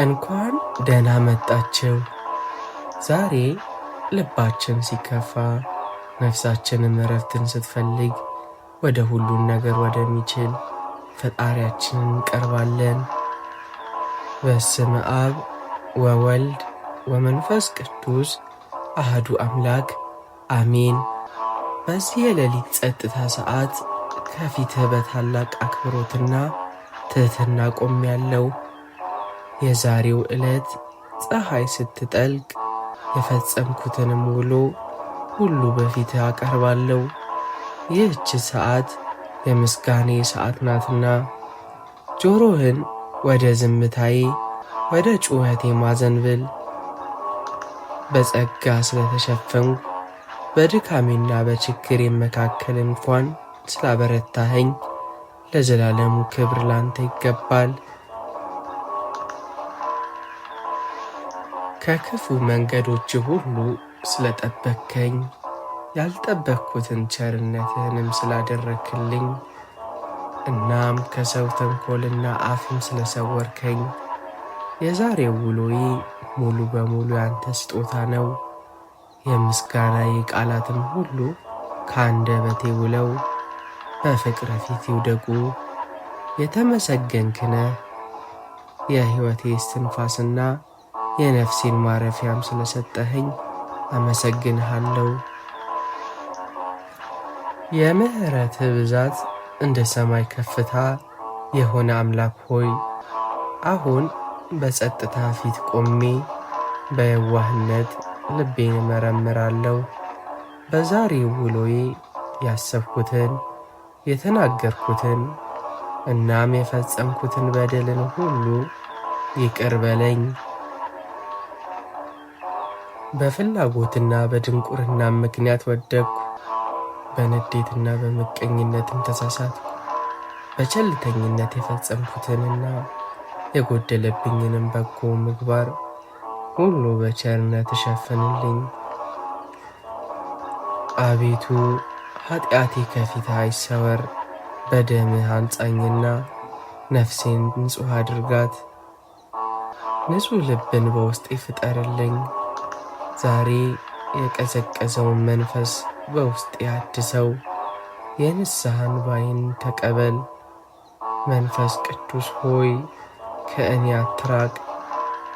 እንኳን ደህና መጣችው ዛሬ ልባችን ሲከፋ ነፍሳችንም እረፍትን ስትፈልግ ወደ ሁሉን ነገር ወደሚችል ፈጣሪያችንን እንቀርባለን። በስመ አብ ወወልድ ወመንፈስ ቅዱስ አህዱ አምላክ አሜን። በዚህ የሌሊት ጸጥታ ሰዓት ከፊትህ በታላቅ አክብሮትና ትህትና ያለው። የዛሬው ዕለት ፀሐይ ስትጠልቅ የፈጸምኩትንም ውሎ ሁሉ በፊት አቀርባለሁ። ይህች ሰዓት የምስጋኔ ሰዓት ናትና ጆሮህን ወደ ዝምታዬ ወደ ጩኸቴ ማዘንብል በጸጋ ስለተሸፈንኩ በድካሜና በችግር መካከል እንኳን ስላበረታኸኝ ለዘላለሙ ክብር ላንተ ይገባል። ከክፉ መንገዶች ሁሉ ስለጠበከኝ ያልጠበቅኩትን ቸርነትህንም ስላደረክልኝ እናም ከሰው ተንኮልና አፍም ስለሰወርከኝ የዛሬው ውሎዬ ሙሉ በሙሉ ያንተ ስጦታ ነው። የምስጋና የቃላትም ሁሉ ከአንደበቴ ውለው በፍቅር ፊት ይውደቁ። የተመሰገንክነ የሕይወቴ እስትንፋስና የነፍሴን ማረፊያም ስለሰጠኸኝ አመሰግንሃለሁ። የምሕረት ብዛት እንደ ሰማይ ከፍታ የሆነ አምላክ ሆይ አሁን በጸጥታ ፊት ቆሜ በየዋህነት ልቤን እመረምራለሁ። በዛሬ ውሎዬ ያሰብኩትን የተናገርኩትን እናም የፈጸምኩትን በደልን ሁሉ ይቅር በለኝ። በፍላጎትና በድንቁርና ምክንያት ወደቅኩ። በንዴትና በምቀኝነትም ተሳሳትኩ። በቸልተኝነት የፈጸምኩትንና የጎደለብኝንም በጎ ምግባር ሁሉ በቸርነት እሸፍንልኝ። አቤቱ ኃጢአቴ ከፊት አይሰወር። በደምህ አንጻኝና ነፍሴን ንጹሕ አድርጋት። ንጹሕ ልብን በውስጤ ፍጠርልኝ። ዛሬ የቀዘቀዘውን መንፈስ በውስጤ አድሰው የንስሐን ባይን ተቀበል። መንፈስ ቅዱስ ሆይ ከእኔ አትራቅ፣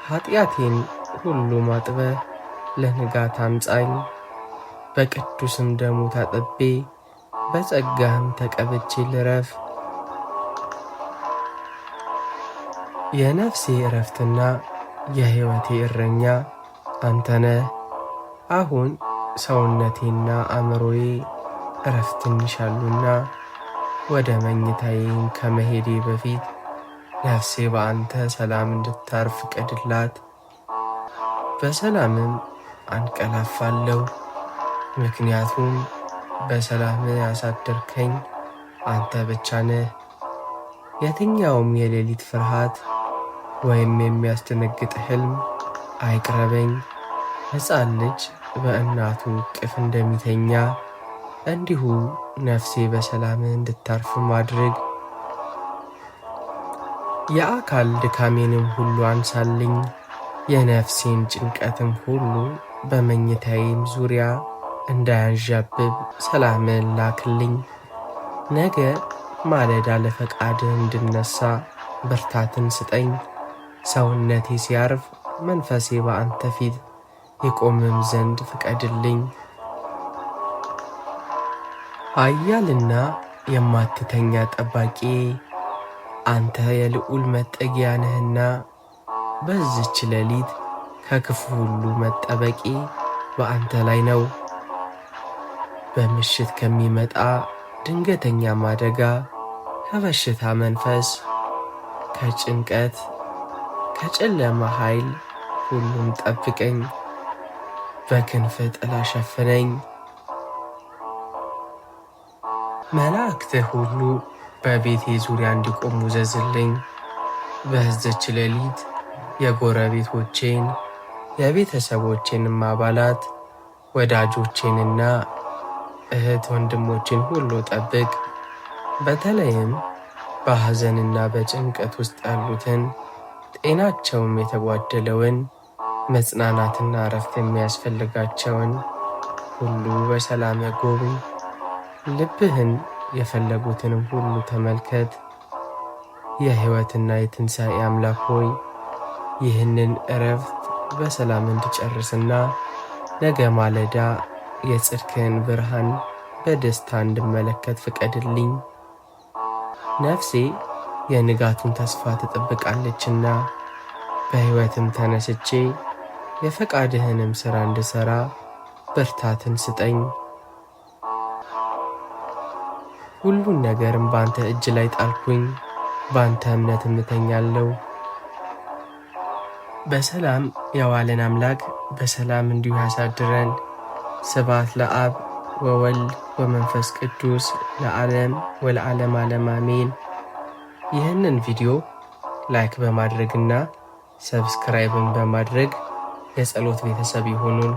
ኃጢአቴን ሁሉ ማጥበ ለንጋት አምጻኝ። በቅዱስም ደሙ ታጥቤ በጸጋህም ተቀብቼ ልረፍ። የነፍሴ እረፍትና የሕይወቴ እረኛ አንተነህ አሁን ሰውነቴና አእምሮዬ እረፍት እንሻሉና ወደ መኝታዬን ከመሄዴ በፊት ነፍሴ በአንተ ሰላም እንድታርፍ ቅድላት በሰላምም አንቀላፋለሁ፣ ምክንያቱም በሰላም ያሳደርከኝ አንተ ብቻ ነህ። የትኛውም የሌሊት ፍርሃት ወይም የሚያስደነግጥ ህልም አይቅረበኝ። ሕፃን ልጅ በእናቱ እቅፍ እንደሚተኛ እንዲሁ ነፍሴ በሰላም እንድታርፍ ማድረግ የአካል ድካሜንም ሁሉ አንሳልኝ፣ የነፍሴን ጭንቀትም ሁሉ በመኝታዬም ዙሪያ እንዳያንዣብብ ሰላምን ላክልኝ። ነገ ማለዳ ለፈቃድ እንድነሳ ብርታትን ስጠኝ። ሰውነቴ ሲያርፍ መንፈሴ በአንተ ፊት የቆምም ዘንድ ፍቀድልኝ። አያልና የማትተኛ ጠባቂ አንተ የልዑል መጠጊያ ነህና በዚች ሌሊት ከክፉ ሁሉ መጠበቂ በአንተ ላይ ነው። በምሽት ከሚመጣ ድንገተኛም አደጋ፣ ከበሽታ መንፈስ፣ ከጭንቀት፣ ከጨለማ ኃይል ሁሉም ጠብቀኝ። በክንፍ ጥላ ሸፍነኝ። መላእክትህ ሁሉ በቤቴ ዙሪያ እንዲቆሙ ዘዝልኝ። በዚች ሌሊት የጎረቤቶቼን የቤተሰቦቼንም አባላት ወዳጆቼንና እህት ወንድሞችን ሁሉ ጠብቅ። በተለይም በሐዘንና በጭንቀት ውስጥ ያሉትን ጤናቸውም የተጓደለውን መጽናናትና እረፍት የሚያስፈልጋቸውን ሁሉ በሰላም ያጎብኝ። ልብህን የፈለጉትንም ሁሉ ተመልከት። የሕይወትና የትንሣኤ አምላክ ሆይ ይህንን እረፍት በሰላም እንድጨርስና ነገ ማለዳ የጽድቅህን ብርሃን በደስታ እንድመለከት ፍቀድልኝ። ነፍሴ የንጋቱን ተስፋ ትጠብቃለችና በሕይወትም ተነስቼ የፈቃድህንም ሥራ እንድሠራ ብርታትን ስጠኝ። ሁሉን ነገርም በአንተ እጅ ላይ ጣልኩኝ፣ በአንተ እምነት እምተኛለሁ። በሰላም የዋለን አምላክ በሰላም እንዲሁ ያሳድረን። ስብሐት ለአብ ወወልድ ወመንፈስ ቅዱስ ለዓለም ወለዓለም ዓለም አሜን። ይህንን ቪዲዮ ላይክ በማድረግና ሰብስክራይብን በማድረግ የጸሎት ቤተሰብ የሆኑን